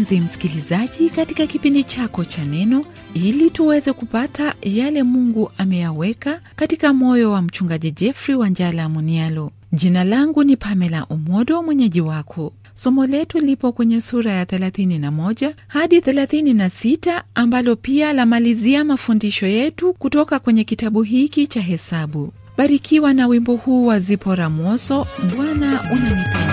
mpenzi msikilizaji, katika kipindi chako cha Neno ili tuweze kupata yale Mungu ameyaweka katika moyo wa mchungaji Jeffrey njala Munialo. Jina langu ni Pamela Umodo, mwenyeji wako. Somo letu lipo kwenye sura ya 31 hadi 36 ambalo pia lamalizia mafundisho yetu kutoka kwenye kitabu hiki cha Hesabu. Barikiwa na wimbo huu wa Zipora moso Bwana unanipenda.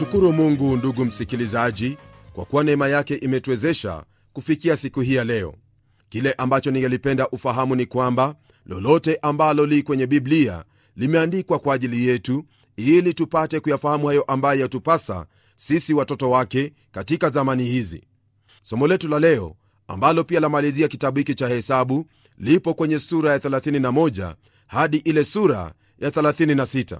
Tumshukuru Mungu, ndugu msikilizaji, kwa kuwa neema yake imetuwezesha kufikia siku hii ya leo. Kile ambacho ningelipenda ufahamu ni kwamba lolote ambalo li kwenye Biblia limeandikwa kwa ajili yetu ili tupate kuyafahamu hayo ambayo yatupasa sisi watoto wake katika zamani hizi. Somo letu la leo ambalo pia lamalizia kitabu hiki cha Hesabu lipo kwenye sura ya 31 hadi ile sura ya 36.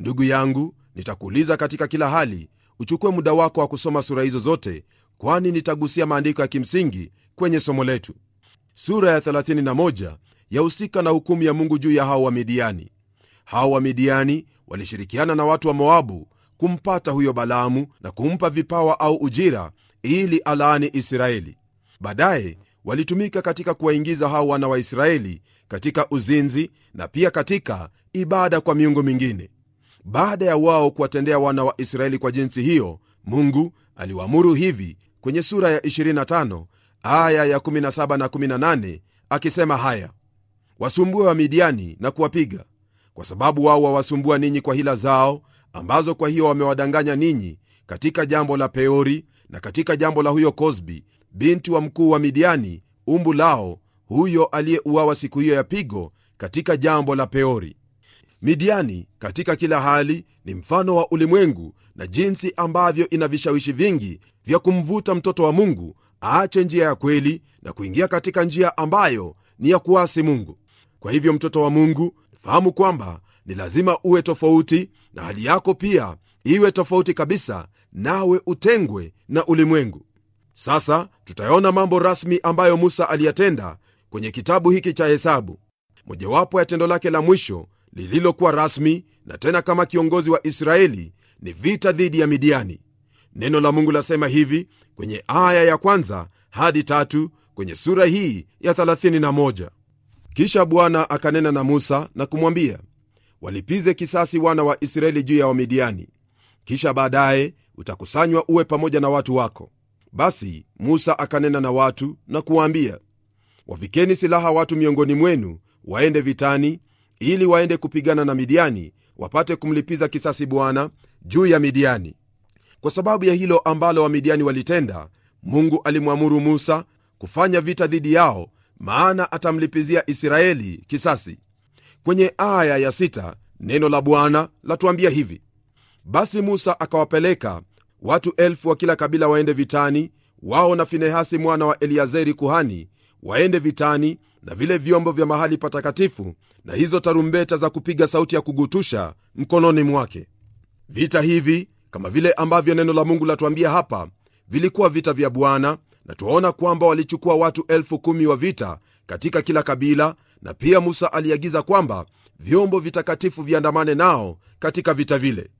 Ndugu yangu, Nitakuuliza katika kila hali uchukue muda wako wa kusoma sura hizo zote, kwani nitagusia maandiko ya kimsingi kwenye somo letu. Sura ya 31 yahusika na hukumu ya Mungu juu ya hao Wamidiani. Hao Wamidiani walishirikiana na watu wa Moabu kumpata huyo Balaamu na kumpa vipawa au ujira ili alaani Israeli. Baadaye walitumika katika kuwaingiza hao wana wa Israeli katika uzinzi na pia katika ibada kwa miungu mingine baada ya wao kuwatendea wana wa israeli kwa jinsi hiyo mungu aliwaamuru hivi kwenye sura ya 25 aya ya 17 na 18 akisema haya wasumbue wa midiani na kuwapiga kwa sababu wao wawasumbua ninyi kwa hila zao ambazo kwa hiyo wamewadanganya ninyi katika jambo la peori na katika jambo la huyo kosbi binti wa mkuu wa midiani umbu lao huyo aliyeuawa siku hiyo ya pigo katika jambo la peori midiani katika kila hali ni mfano wa ulimwengu na jinsi ambavyo ina vishawishi vingi vya kumvuta mtoto wa mungu aache njia ya kweli na kuingia katika njia ambayo ni ya kuasi mungu kwa hivyo mtoto wa mungu fahamu kwamba ni lazima uwe tofauti na hali yako pia iwe tofauti kabisa nawe utengwe na ulimwengu sasa tutayaona mambo rasmi ambayo musa aliyatenda kwenye kitabu hiki cha hesabu mojawapo ya tendo lake la mwisho lililokuwa rasmi na tena kama kiongozi wa Israeli ni vita dhidi ya Midiani. Neno la Mungu lasema hivi kwenye aya ya kwanza hadi tatu kwenye sura hii ya 31: kisha Bwana akanena na Musa na kumwambia, walipize kisasi wana wa Israeli juu ya Wamidiani, kisha baadaye utakusanywa uwe pamoja na watu wako. Basi Musa akanena na watu na kuwaambia, wavikeni silaha watu miongoni mwenu waende vitani, ili waende kupigana na Midiani wapate kumlipiza kisasi Bwana juu ya Midiani. Kwa sababu ya hilo ambalo Wamidiani walitenda, Mungu alimwamuru Musa kufanya vita dhidi yao, maana atamlipizia Israeli kisasi. Kwenye aya ya sita neno la Bwana latuambia hivi: basi Musa akawapeleka watu elfu wa kila kabila waende vitani, wao na Finehasi mwana wa Eliazeri kuhani, waende vitani na vile vyombo vya mahali patakatifu na hizo tarumbeta za kupiga sauti ya kugutusha mkononi mwake. Vita hivi kama vile ambavyo neno la Mungu latuambia hapa, vilikuwa vita vya Bwana, na tuaona kwamba walichukua watu elfu kumi wa vita katika kila kabila, na pia Musa aliagiza kwamba vyombo vitakatifu viandamane nao katika vita vile.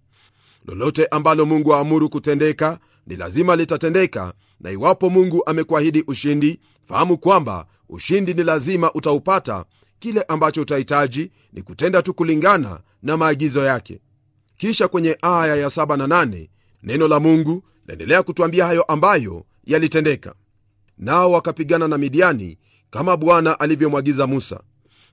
Lolote ambalo Mungu aamuru kutendeka ni lazima litatendeka, na iwapo Mungu amekuahidi ushindi, fahamu kwamba ushindi ni lazima utaupata kile ambacho utahitaji ni kutenda tu kulingana na maagizo yake kisha kwenye aya ya 7 na neno la mungu laendelea kutuambia hayo ambayo yalitendeka nao wakapigana na midiani kama bwana alivyomwagiza musa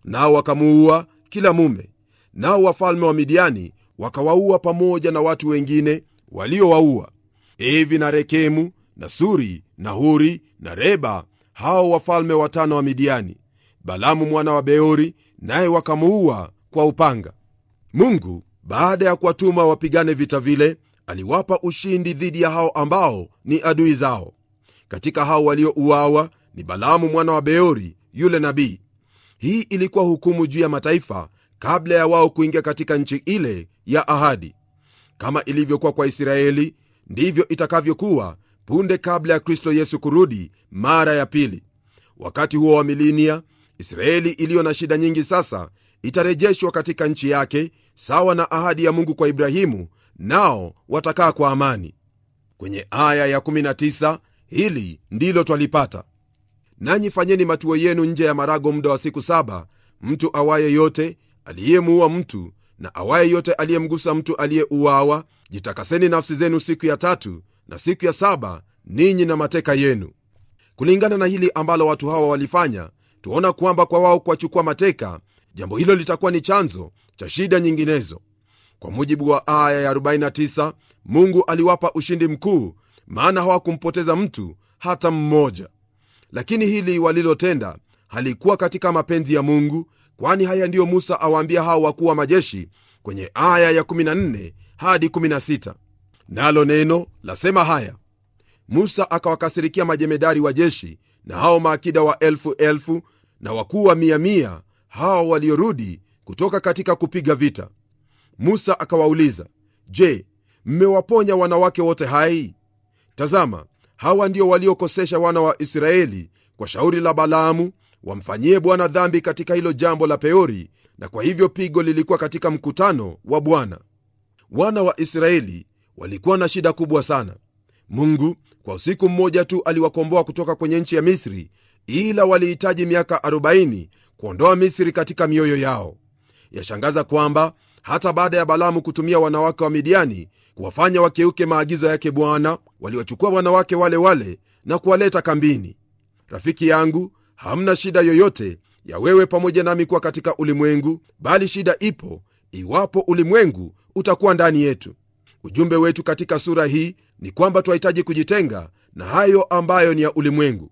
nao wakamuua kila mume nao wafalme wa midiani wakawaua pamoja na watu wengine waliowaua evi na rekemu na suri na huri na reba hao wafalme watano wa Midiani, Balamu mwana wa Beori, naye wakamuua kwa upanga. Mungu baada ya kuwatuma wapigane vita vile, aliwapa ushindi dhidi ya hao ambao ni adui zao. Katika hao waliouawa ni Balaamu mwana wa Beori yule nabii. Hii ilikuwa hukumu juu ya mataifa kabla ya wao kuingia katika nchi ile ya ahadi. Kama ilivyokuwa kwa Israeli, ndivyo itakavyokuwa punde kabla ya Kristo Yesu kurudi mara ya pili. Wakati huo wa milinia, Israeli iliyo na shida nyingi sasa itarejeshwa katika nchi yake sawa na ahadi ya Mungu kwa Ibrahimu, nao watakaa kwa amani. Kwenye aya ya 19 hili ndilo twalipata: nanyi fanyeni matuo yenu nje ya marago muda wa siku saba. Mtu awaye yote aliyemuua mtu na awaye yote aliyemgusa mtu aliyeuawa, jitakaseni nafsi zenu siku ya tatu, na siku ya saba ninyi na mateka yenu. Kulingana na hili ambalo watu hawa walifanya, tuona kwamba kwa wao kuwachukua mateka, jambo hilo litakuwa ni chanzo cha shida nyinginezo. Kwa mujibu wa aya ya 49, Mungu aliwapa ushindi mkuu, maana hawakumpoteza mtu hata mmoja. Lakini hili walilotenda halikuwa katika mapenzi ya Mungu, kwani haya ndiyo Musa awaambia hao wakuu wa majeshi kwenye aya ya 14 hadi 16 nalo neno lasema haya musa akawakasirikia majemedari wa jeshi na hao maakida wa elfu elfu na wakuu wa mia mia waliorudi kutoka katika kupiga vita musa akawauliza je mmewaponya wanawake wote hai tazama hawa ndio waliokosesha wana wa israeli kwa shauri la balaamu wamfanyie bwana dhambi katika hilo jambo la peori na kwa hivyo pigo lilikuwa katika mkutano wa bwana wana wa israeli walikuwa na shida kubwa sana. Mungu kwa usiku mmoja tu aliwakomboa kutoka kwenye nchi ya Misri, ila walihitaji miaka 40 kuondoa Misri katika mioyo yao. Yashangaza kwamba hata baada ya Balaamu kutumia wanawake wa Midiani kuwafanya wakeuke maagizo yake Bwana, waliwachukua wanawake wale wale na kuwaleta kambini. Rafiki yangu, hamna shida yoyote ya wewe pamoja nami kuwa katika ulimwengu, bali shida ipo iwapo ulimwengu utakuwa ndani yetu ujumbe wetu katika sura hii ni kwamba twahitaji kujitenga na hayo ambayo ni ya ulimwengu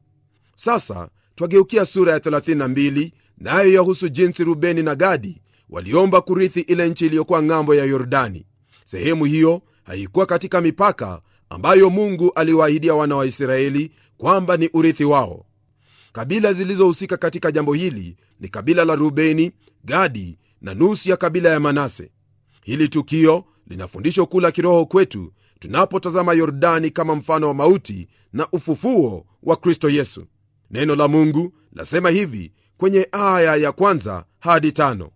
sasa twageukia sura ya 32 nayo na yahusu jinsi rubeni na gadi waliomba kurithi ile nchi iliyokuwa ng'ambo ya yordani sehemu hiyo haikuwa katika mipaka ambayo mungu aliwaahidia wana wa israeli kwamba ni urithi wao kabila zilizohusika katika jambo hili ni kabila la rubeni gadi na nusu ya kabila ya manase hili tukio lina fundisho kuu la kiroho kwetu tunapotazama yordani kama mfano wa mauti na ufufuo wa kristo yesu neno la mungu lasema hivi kwenye aya ya kwanza hadi tano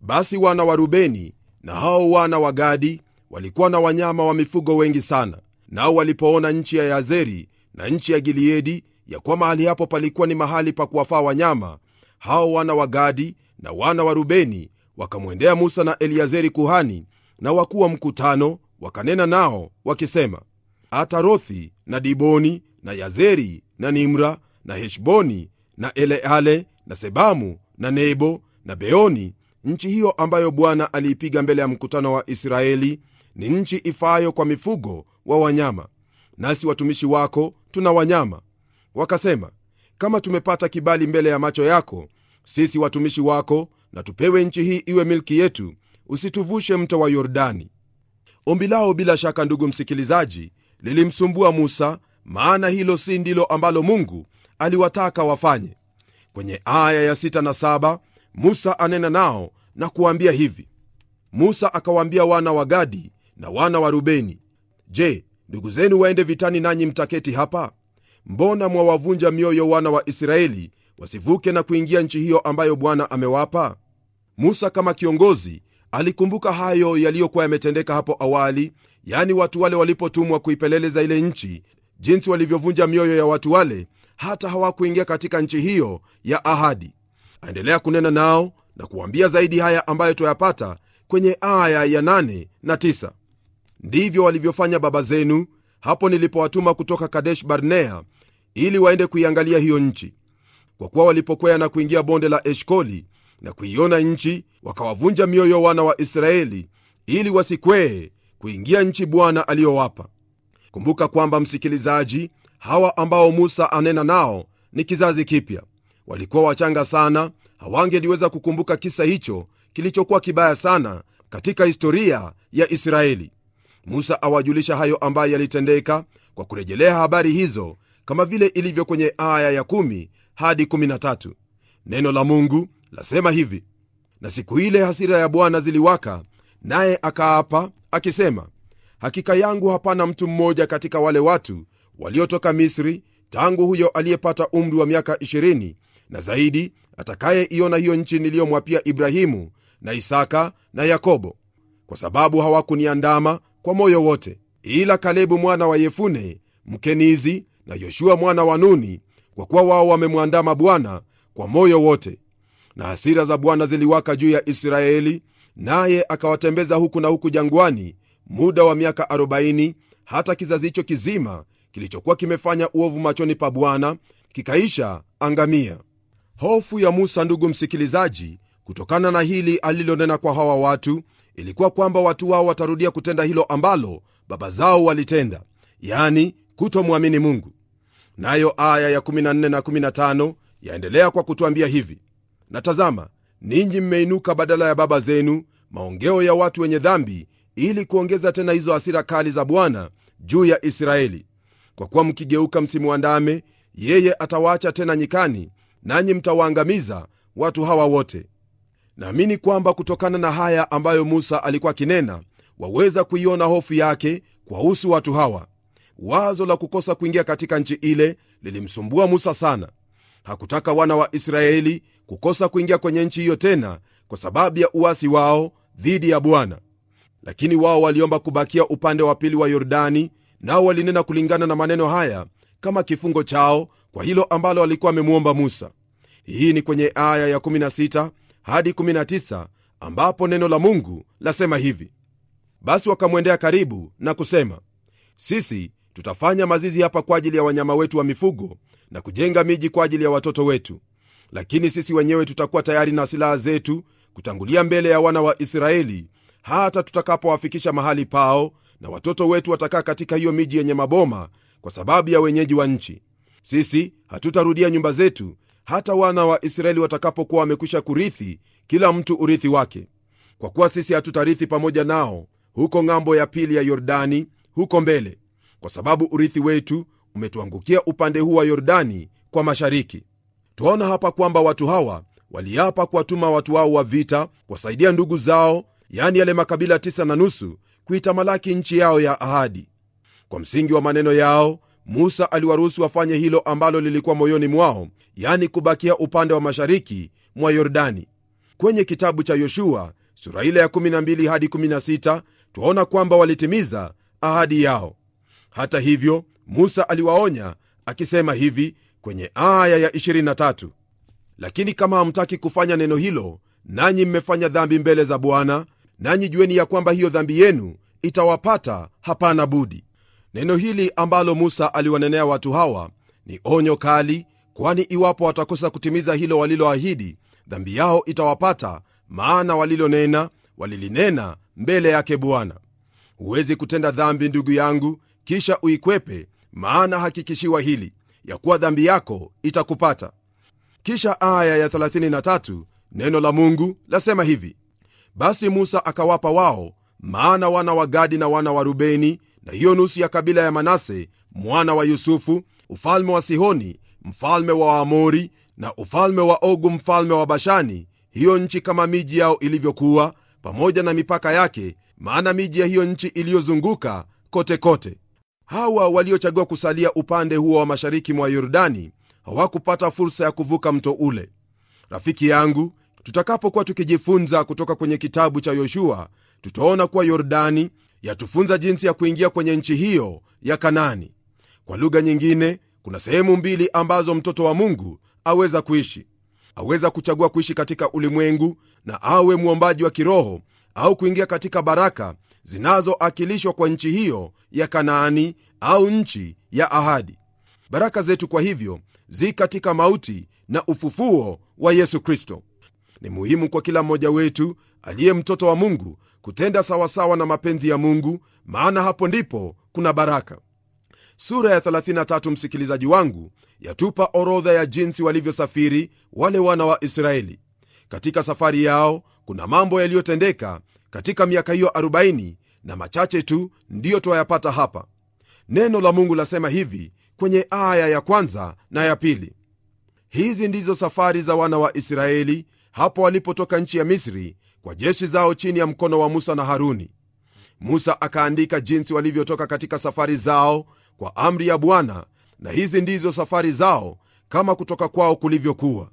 basi wana wa rubeni na hao wana wa gadi walikuwa na wanyama wa mifugo wengi sana nao walipoona nchi ya yazeri na nchi ya giliedi ya kuwa mahali hapo palikuwa ni mahali pa kuwafaa wanyama hao wana wa gadi na wana wa rubeni wakamwendea musa na eliazeri kuhani na wakuu wa mkutano wakanena nao wakisema, Atarothi na Diboni na Yazeri na Nimra na Heshboni na Eleale na Sebamu na Nebo na Beoni, nchi hiyo ambayo Bwana aliipiga mbele ya mkutano wa Israeli ni nchi ifaayo kwa mifugo wa wanyama, nasi watumishi wako tuna wanyama. Wakasema, kama tumepata kibali mbele ya macho yako, sisi watumishi wako, na tupewe nchi hii iwe milki yetu, usituvushe mto wa Yordani. Ombi lao bila shaka, ndugu msikilizaji, lilimsumbua Musa, maana hilo si ndilo ambalo Mungu aliwataka wafanye. Kwenye aya ya sita na saba Musa anena nao na kuwaambia hivi. Musa akawaambia wana wa Gadi na wana wa Rubeni, je, ndugu zenu waende vitani nanyi mtaketi hapa? Mbona mwawavunja mioyo wana wa Israeli wasivuke na kuingia nchi hiyo ambayo Bwana amewapa? Musa kama kiongozi alikumbuka hayo yaliyokuwa yametendeka hapo awali, yaani watu wale walipotumwa kuipeleleza ile nchi, jinsi walivyovunja mioyo ya watu wale, hata hawakuingia katika nchi hiyo ya ahadi. Aendelea kunena nao na kuwambia zaidi haya ambayo twayapata kwenye aya ya nane na tisa: ndivyo walivyofanya baba zenu hapo nilipowatuma kutoka Kadesh Barnea ili waende kuiangalia hiyo nchi, kwa kuwa walipokwea na kuingia bonde la Eshkoli na kuiona nchi, wakawavunja mioyo wana wa Israeli ili wasikwee kuingia nchi Bwana aliyowapa. Kumbuka kwamba msikilizaji, hawa ambao Musa anena nao ni kizazi kipya, walikuwa wachanga sana, hawangeliweza kukumbuka kisa hicho kilichokuwa kibaya sana katika historia ya Israeli. Musa awajulisha hayo ambayo yalitendeka kwa kurejelea habari hizo kama vile ilivyo kwenye aya ya 1 hadi 1 Neno la Mungu lasema hivi: na siku ile hasira ya Bwana ziliwaka, naye akaapa akisema, hakika yangu hapana mtu mmoja katika wale watu waliotoka Misri tangu huyo aliyepata umri wa miaka 20 na zaidi atakayeiona hiyo nchi niliyomwapia Ibrahimu na Isaka na Yakobo, kwa sababu hawakuniandama kwa moyo wote, ila Kalebu mwana wa Yefune Mkenizi na Yoshua mwana wa Nuni, kwa kuwa wao wamemwandama Bwana kwa moyo wote na hasira za Bwana ziliwaka juu ya Israeli, naye akawatembeza huku na huku jangwani muda wa miaka 40 hata kizazi hicho kizima kilichokuwa kimefanya uovu machoni pa Bwana kikaisha angamia. Hofu ya Musa, ndugu msikilizaji, kutokana na hili alilonena kwa hawa watu ilikuwa kwamba watu wao watarudia kutenda hilo ambalo baba zao walitenda, yani kutomwamini Mungu. Nayo aya ya 14 na 15 yaendelea kwa kutuambia hivi: na tazama, ninyi mmeinuka badala ya baba zenu, maongeo ya watu wenye dhambi, ili kuongeza tena hizo hasira kali za Bwana juu ya Israeli. Kwa kuwa mkigeuka msimu wa ndame yeye, atawaacha tena nyikani, nanyi mtawaangamiza watu hawa wote. Naamini kwamba kutokana na haya ambayo Musa alikuwa akinena, waweza kuiona hofu yake kwahusu watu hawa. Wazo la kukosa kuingia katika nchi ile lilimsumbua Musa sana. Hakutaka wana wa Israeli kukosa kuingia kwenye nchi hiyo tena kwa sababu ya uasi wao dhidi ya Bwana. Lakini wao waliomba kubakia upande wa pili wa Yordani, nao walinena kulingana na maneno haya kama kifungo chao kwa hilo ambalo walikuwa wamemwomba Musa. Hii ni kwenye aya ya 16 hadi 19, ambapo neno la Mungu lasema hivi: basi wakamwendea karibu na kusema, sisi tutafanya mazizi hapa kwa ajili ya wanyama wetu wa mifugo na kujenga miji kwa ajili ya watoto wetu, lakini sisi wenyewe tutakuwa tayari na silaha zetu kutangulia mbele ya wana wa israeli hata tutakapowafikisha mahali pao na watoto wetu watakaa katika hiyo miji yenye maboma kwa sababu ya wenyeji wa nchi sisi hatutarudia nyumba zetu hata wana wa israeli watakapokuwa wamekwisha kurithi kila mtu urithi wake kwa kuwa sisi hatutarithi pamoja nao huko ng'ambo ya pili ya yordani huko mbele kwa sababu urithi wetu umetuangukia upande huu wa yordani kwa mashariki Twaona hapa kwamba watu hawa waliapa kuwatuma watu wao wa vita kuwasaidia ndugu zao, yani yale makabila tisa na nusu, kuitamalaki nchi yao ya ahadi. Kwa msingi wa maneno yao, Musa aliwaruhusu wafanye hilo ambalo lilikuwa moyoni mwao, yani kubakia upande wa mashariki mwa Yordani. Kwenye kitabu cha Yoshua sura ile ya 12 hadi 16 twaona kwamba walitimiza ahadi yao. Hata hivyo, Musa aliwaonya akisema hivi kwenye aya ya 23 lakini kama hamtaki kufanya neno hilo, nanyi mmefanya dhambi mbele za Bwana, nanyi jueni ya kwamba hiyo dhambi yenu itawapata, hapana budi. Neno hili ambalo Musa aliwanenea watu hawa ni onyo kali, kwani iwapo watakosa kutimiza hilo waliloahidi, dhambi yao itawapata, maana walilonena walilinena mbele yake Bwana. Huwezi kutenda dhambi, ndugu yangu, kisha uikwepe, maana hakikishiwa hili ya kuwa dhambi yako itakupata. Kisha aya ya 33 neno la Mungu lasema hivi: basi Musa akawapa wao, maana wana wa Gadi na wana wa Rubeni na hiyo nusu ya kabila ya Manase mwana wa Yusufu, ufalme wa Sihoni mfalme wa amori na ufalme wa Ogu mfalme wa Bashani, hiyo nchi kama miji yao ilivyokuwa, pamoja na mipaka yake, maana miji ya hiyo nchi iliyozunguka kote kote hawa waliochagua kusalia upande huo wa mashariki mwa yordani hawakupata fursa ya kuvuka mto ule rafiki yangu tutakapokuwa tukijifunza kutoka kwenye kitabu cha yoshua tutaona kuwa yordani yatufunza jinsi ya kuingia kwenye nchi hiyo ya kanani kwa lugha nyingine kuna sehemu mbili ambazo mtoto wa mungu aweza kuishi aweza kuchagua kuishi katika ulimwengu na awe mwombaji wa kiroho au kuingia katika baraka zinazoakilishwa kwa nchi hiyo ya Kanaani au nchi ya ahadi. Baraka zetu kwa hivyo zi katika mauti na ufufuo wa Yesu Kristo. Ni muhimu kwa kila mmoja wetu aliye mtoto wa Mungu kutenda sawasawa na mapenzi ya Mungu, maana hapo ndipo kuna baraka. Sura ya 33, msikilizaji wangu, yatupa orodha ya jinsi walivyosafiri wale wana wa Israeli katika safari yao. Kuna mambo yaliyotendeka katika miaka hiyo 40 na machache tu ndiyo twayapata hapa. Neno la Mungu lasema hivi kwenye aya ya kwanza na ya pili: hizi ndizo safari za wana wa Israeli hapo walipotoka nchi ya Misri kwa jeshi zao chini ya mkono wa Musa na Haruni. Musa akaandika jinsi walivyotoka katika safari zao kwa amri ya Bwana, na hizi ndizo safari zao kama kutoka kwao kulivyokuwa.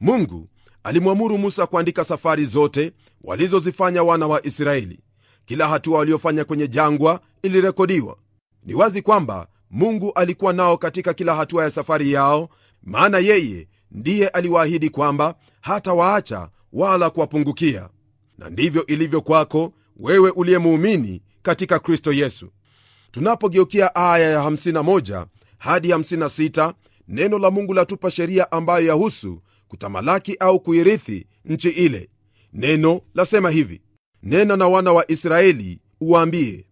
Mungu alimwamuru Musa kuandika safari zote walizozifanya wana wa Israeli. Kila hatua waliofanya kwenye jangwa ilirekodiwa. Ni wazi kwamba Mungu alikuwa nao katika kila hatua ya safari yao, maana yeye ndiye aliwaahidi kwamba hata waacha wala kuwapungukia. Na ndivyo ilivyo kwako wewe uliyemuumini katika Kristo Yesu. Tunapogeukia aya ya 51 hadi 56, neno la Mungu latupa sheria ambayo yahusu kutamalaki au kuirithi nchi ile neno lasema hivi nena na wana wa israeli uwaambie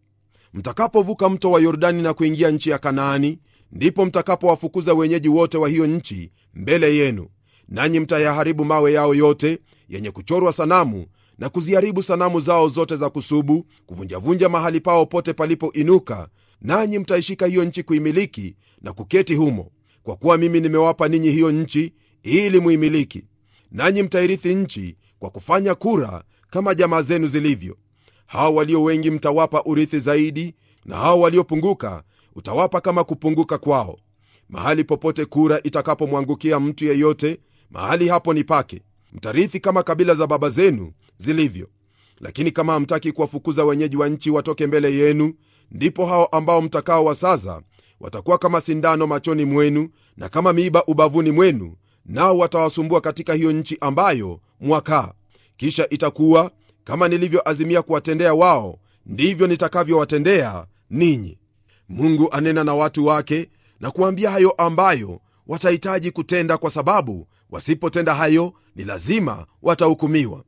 mtakapovuka mto wa yordani na kuingia nchi ya kanaani ndipo mtakapowafukuza wenyeji wote wa hiyo nchi mbele yenu nanyi mtayaharibu mawe yao yote yenye kuchorwa sanamu na kuziharibu sanamu zao zote za kusubu kuvunjavunja mahali pao pote palipoinuka nanyi mtaishika hiyo nchi kuimiliki na kuketi humo kwa kuwa mimi nimewapa ninyi hiyo nchi ili muimiliki, nanyi mtairithi nchi kwa kufanya kura kama jamaa zenu zilivyo. Hao walio wengi mtawapa urithi zaidi, na hao waliopunguka utawapa kama kupunguka kwao. Mahali popote kura itakapomwangukia mtu yeyote, mahali hapo ni pake. Mtarithi kama kabila za baba zenu zilivyo. Lakini kama hamtaki kuwafukuza wenyeji wa nchi watoke mbele yenu, ndipo hao ambao mtakao wasaza watakuwa kama sindano machoni mwenu na kama miiba ubavuni mwenu, nao watawasumbua katika hiyo nchi ambayo mwakaa kisha itakuwa kama nilivyoazimia kuwatendea wao ndivyo nitakavyowatendea ninyi mungu anena na watu wake na kuambia hayo ambayo watahitaji kutenda kwa sababu wasipotenda hayo ni lazima watahukumiwa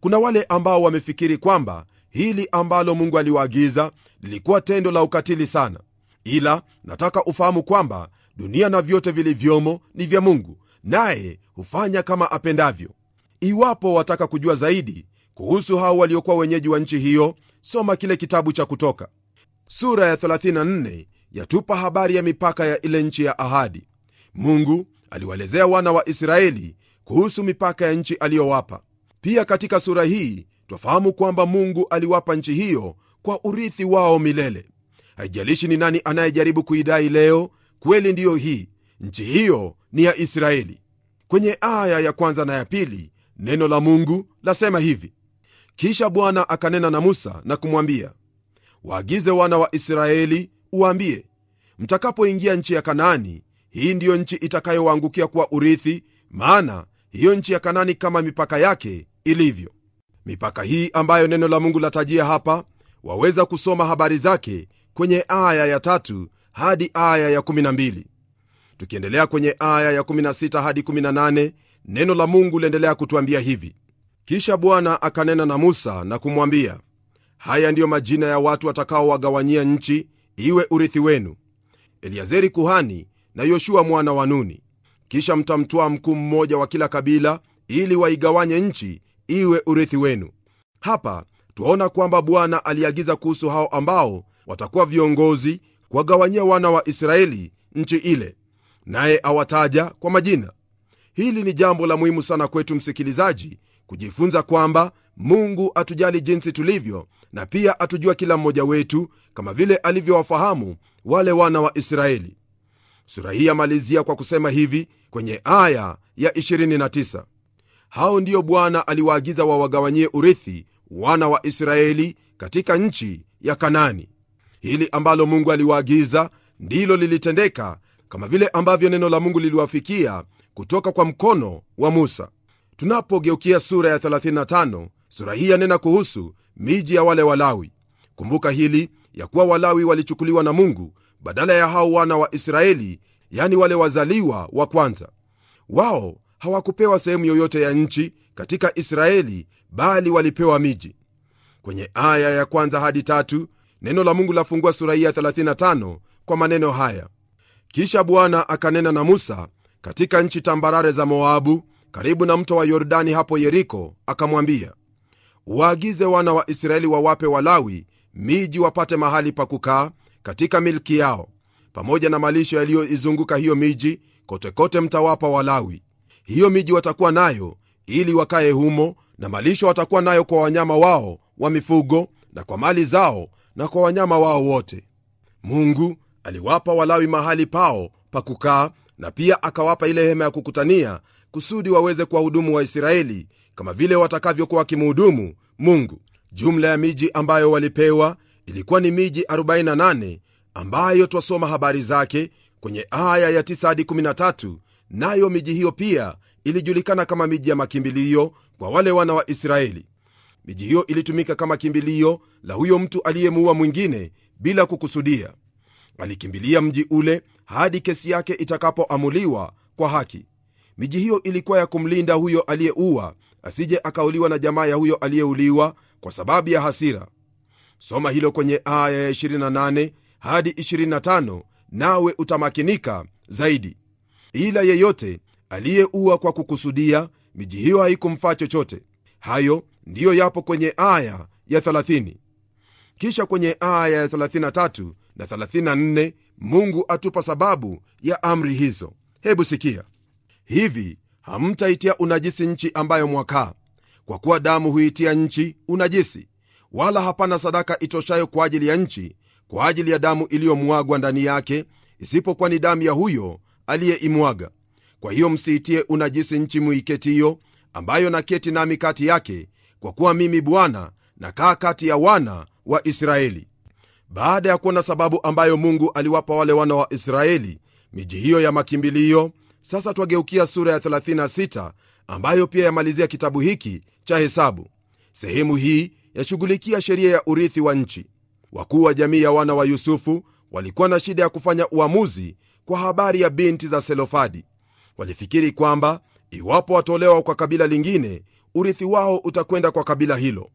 kuna wale ambao wamefikiri kwamba hili ambalo mungu aliwaagiza lilikuwa tendo la ukatili sana ila nataka ufahamu kwamba dunia na vyote vilivyomo ni vya mungu naye hufanya kama apendavyo. Iwapo wataka kujua zaidi kuhusu hao waliokuwa wenyeji wa nchi hiyo, soma kile kitabu cha Kutoka sura ya 34 yatupa habari ya mipaka ya ile nchi ya ahadi. Mungu aliwaelezea wana wa Israeli kuhusu mipaka ya nchi aliyowapa. Pia katika sura hii twafahamu kwamba Mungu aliwapa nchi hiyo kwa urithi wao milele. Haijalishi ni nani anayejaribu kuidai leo, kweli ndiyo hii nchi hiyo ni ya israeli kwenye aya ya kwanza na ya pili neno la mungu lasema hivi kisha bwana akanena na musa na kumwambia waagize wana wa israeli uwambie mtakapoingia nchi ya kanaani hii ndiyo nchi itakayowaangukia kuwa urithi maana hiyo nchi ya kanaani kama mipaka yake ilivyo mipaka hii ambayo neno la mungu latajia hapa waweza kusoma habari zake kwenye aya ya tatu hadi aya ya kumi na mbili tukiendelea kwenye aya ya 16 hadi 18 neno la mungu liendelea kutuambia hivi kisha bwana akanena na musa na kumwambia haya ndiyo majina ya watu watakaowagawanyia nchi iwe urithi wenu eliazeri kuhani na yoshua mwana wa nuni kisha mtamtwaa mkuu mmoja wa kila kabila ili waigawanye nchi iwe urithi wenu hapa twaona kwamba bwana aliagiza kuhusu hao ambao watakuwa viongozi kuwagawanyia wana wa israeli nchi ile naye awataja kwa majina. Hili ni jambo la muhimu sana kwetu, msikilizaji, kujifunza kwamba Mungu atujali jinsi tulivyo na pia atujua kila mmoja wetu kama vile alivyowafahamu wale wana wa Israeli. Sura hii yamalizia kwa kusema hivi kwenye aya ya 29: hao ndiyo Bwana aliwaagiza wawagawanyie urithi wana wa Israeli katika nchi ya kanani Hili ambalo Mungu aliwaagiza ndilo lilitendeka kama vile ambavyo neno la Mungu liliwafikia kutoka kwa mkono wa Musa. Tunapogeukia sura ya 35, sura hii yanena kuhusu miji ya wale Walawi. Kumbuka hili ya kuwa Walawi walichukuliwa na Mungu badala ya hao wana wa Israeli, yani wale wazaliwa wa kwanza. Wao hawakupewa sehemu yoyote ya nchi katika Israeli, bali walipewa miji. Kwenye aya ya kwanza hadi tatu neno la Mungu lafungua sura hii ya 35 kwa maneno haya kisha bwana akanena na musa katika nchi tambarare za moabu karibu na mto wa yordani hapo yeriko akamwambia waagize wana wa israeli wawape walawi miji wapate mahali pa kukaa katika milki yao pamoja na malisho yaliyoizunguka hiyo miji kotekote mtawapa walawi hiyo miji watakuwa nayo ili wakaye humo na malisho watakuwa nayo kwa wanyama wao wa mifugo na kwa mali zao na kwa wanyama wao wote mungu aliwapa walawi mahali pao pa kukaa na pia akawapa ile hema ya kukutania kusudi waweze kuwahudumu waisraeli kama vile watakavyokuwa wakimuhudumu mungu jumla ya miji ambayo walipewa ilikuwa ni miji 48 ambayo twasoma habari zake kwenye aya ya 9 hadi 13 nayo miji hiyo pia ilijulikana kama miji ya makimbilio kwa wale wana wa israeli miji hiyo ilitumika kama kimbilio la huyo mtu aliyemuua mwingine bila kukusudia alikimbilia mji ule hadi kesi yake itakapoamuliwa kwa haki. Miji hiyo ilikuwa ya kumlinda huyo aliyeua asije akauliwa na jamaa ya huyo aliyeuliwa kwa sababu ya hasira. Soma hilo kwenye aya ya 28 hadi 25, nawe utamakinika zaidi. Ila yeyote aliyeua kwa kukusudia, miji hiyo haikumfaa chochote. Hayo ndiyo yapo kwenye aya ya 30. Kisha kwenye aya ya na 34 mungu atupa sababu ya amri hizo hebu sikia hivi hamtaitia unajisi nchi ambayo mwakaa kwa kuwa damu huitia nchi unajisi wala hapana sadaka itoshayo kwa ajili ya nchi kwa ajili ya damu iliyomwagwa ndani yake isipokuwa ni damu ya huyo aliyeimwaga kwa hiyo msiitie unajisi nchi muiketiyo ambayo naketi nami kati yake kwa kuwa mimi bwana nakaa kati ya wana wa israeli baada ya kuona sababu ambayo mungu aliwapa wale wana wa israeli miji hiyo ya makimbilio sasa twageukia sura ya 36 ambayo pia yamalizia kitabu hiki cha hesabu sehemu hii yashughulikia sheria ya urithi wa nchi wakuu wa jamii ya wana wa yusufu walikuwa na shida ya kufanya uamuzi kwa habari ya binti za selofadi walifikiri kwamba iwapo watolewa kwa kabila lingine urithi wao utakwenda kwa kabila hilo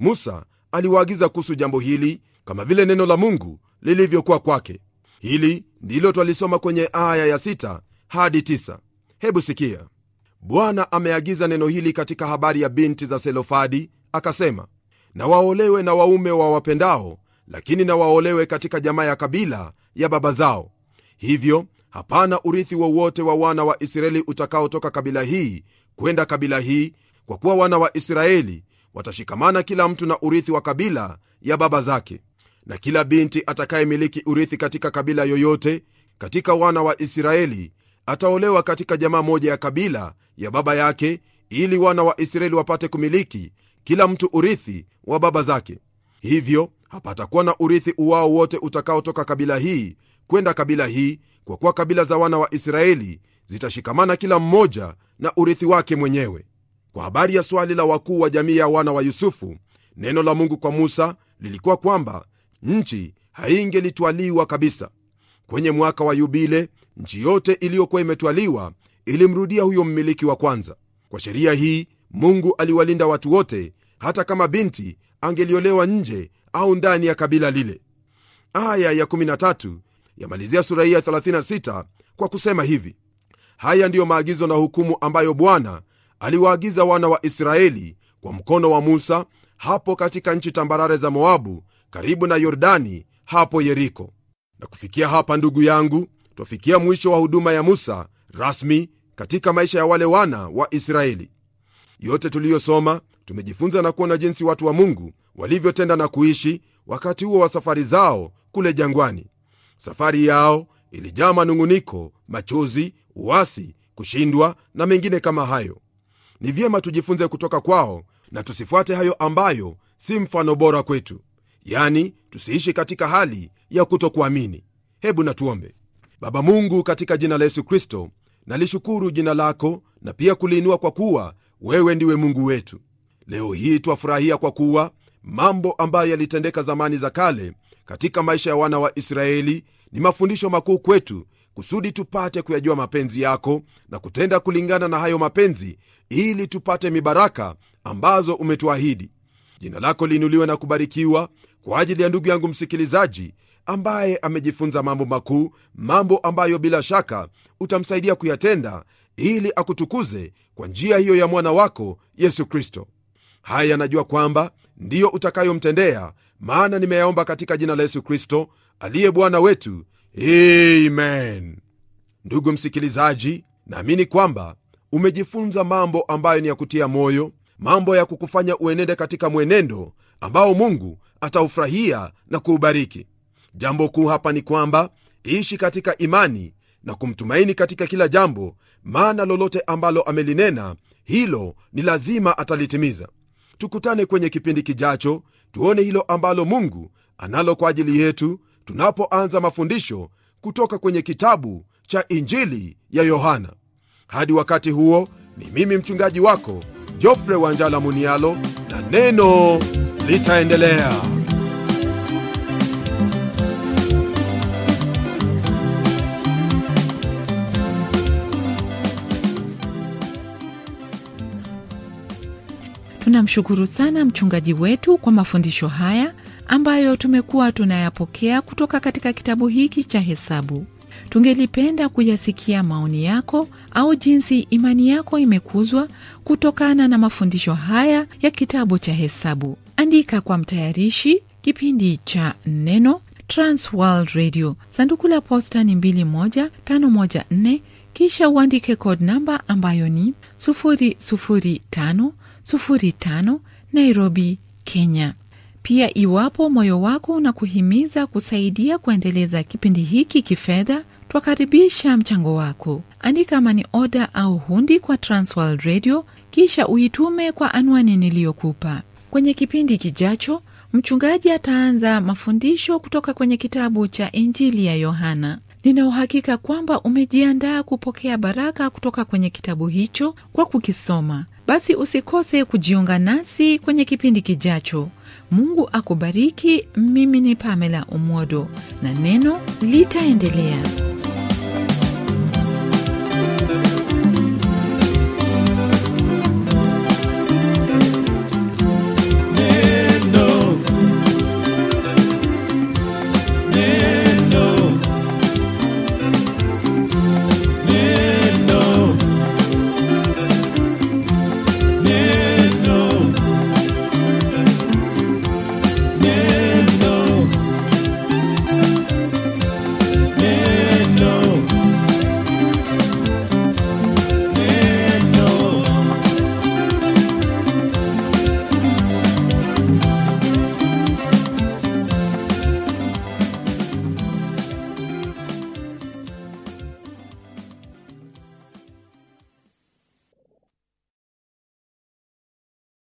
musa aliwaagiza kuhusu jambo hili kama vile neno la Mungu lilivyokuwa kwake. Hili ndilo twalisoma kwenye aya ya sita hadi tisa. Hebu sikia, Bwana ameagiza neno hili katika habari ya binti za Selofadi akasema, na waolewe na waume wa wapendao lakini na waolewe katika jamaa ya kabila ya baba zao. Hivyo hapana urithi wowote wa, wa wana wa Israeli utakaotoka kabila hii kwenda kabila hii, kwa kuwa wana wa Israeli watashikamana kila mtu na urithi wa kabila ya baba zake na kila binti atakayemiliki urithi katika kabila yoyote katika wana wa Israeli ataolewa katika jamaa moja ya kabila ya baba yake, ili wana wa Israeli wapate kumiliki kila mtu urithi wa baba zake. Hivyo hapatakuwa na urithi uwao wote utakaotoka kabila hii kwenda kabila hii, kwa kuwa kabila za wana wa Israeli zitashikamana kila mmoja na urithi wake mwenyewe. Kwa habari ya swali la wakuu wa jamii ya wana wa Yusufu, neno la Mungu kwa Musa lilikuwa kwamba nchi haingelitwaliwa kabisa. Kwenye mwaka wa Yubile, nchi yote iliyokuwa imetwaliwa ilimrudia huyo mmiliki wa kwanza. Kwa sheria hii, Mungu aliwalinda watu wote, hata kama binti angeliolewa nje au ndani ya kabila lile. Aya ya 13 yamalizia sura hii ya 36 kwa kusema hivi: haya ndiyo maagizo na hukumu ambayo Bwana aliwaagiza wana wa Israeli kwa mkono wa Musa hapo katika nchi tambarare za Moabu karibu na Yordani hapo Yeriko. Na kufikia hapa, ndugu yangu, twafikia mwisho wa huduma ya Musa rasmi katika maisha ya wale wana wa Israeli. Yote tuliyosoma tumejifunza na kuona jinsi watu wa Mungu walivyotenda na kuishi wakati huo wa safari zao kule jangwani. Safari yao ilijaa manung'uniko, machozi, uasi, kushindwa na mengine kama hayo. Ni vyema tujifunze kutoka kwao na tusifuate hayo ambayo si mfano bora kwetu yani tusiishi katika hali ya kutokuamini hebu natuombe baba mungu katika jina la yesu kristo nalishukuru jina lako na pia kuliinua kwa kuwa wewe ndiwe mungu wetu leo hii twafurahia kwa kuwa mambo ambayo yalitendeka zamani za kale katika maisha ya wana wa israeli ni mafundisho makuu kwetu kusudi tupate kuyajua mapenzi yako na kutenda kulingana na hayo mapenzi ili tupate mibaraka ambazo umetuahidi Jina lako liinuliwe na kubarikiwa kwa ajili ya ndugu yangu msikilizaji ambaye amejifunza mambo makuu, mambo ambayo bila shaka utamsaidia kuyatenda ili akutukuze kwa njia hiyo ya mwana wako Yesu Kristo. Haya najua kwamba ndiyo utakayomtendea, maana nimeyaomba katika jina la Yesu Kristo aliye Bwana wetu, men Ndugu msikilizaji, naamini kwamba umejifunza mambo ambayo ni ya kutia moyo, mambo ya kukufanya uenende katika mwenendo ambao mungu ataufurahia na kuubariki jambo kuu hapa ni kwamba ishi katika imani na kumtumaini katika kila jambo maana lolote ambalo amelinena hilo ni lazima atalitimiza tukutane kwenye kipindi kijacho tuone hilo ambalo mungu analo kwa ajili yetu tunapoanza mafundisho kutoka kwenye kitabu cha injili ya yohana hadi wakati huo ni mimi mchungaji wako Jofre Wanjala Munialo, na neno litaendelea. Tunamshukuru sana mchungaji wetu kwa mafundisho haya ambayo tumekuwa tunayapokea kutoka katika kitabu hiki cha Hesabu. Tungelipenda kuyasikia maoni yako au jinsi imani yako imekuzwa kutokana na mafundisho haya ya kitabu cha Hesabu. Andika kwa mtayarishi kipindi cha Neno, Transworld Radio, sanduku la posta ni 21514, kisha uandike code namba ambayo ni 00505 Nairobi, Kenya. Pia iwapo moyo wako unakuhimiza kusaidia kuendeleza kipindi hiki kifedha, Twakaribisha mchango wako. Andika mani oda au hundi kwa Transworld Radio, kisha uitume kwa anwani niliyokupa. Kwenye kipindi kijacho, mchungaji ataanza mafundisho kutoka kwenye kitabu cha Injili ya Yohana. Nina uhakika kwamba umejiandaa kupokea baraka kutoka kwenye kitabu hicho kwa kukisoma. Basi usikose kujiunga nasi kwenye kipindi kijacho. Mungu akubariki. Mimi ni Pamela Umodo na neno litaendelea.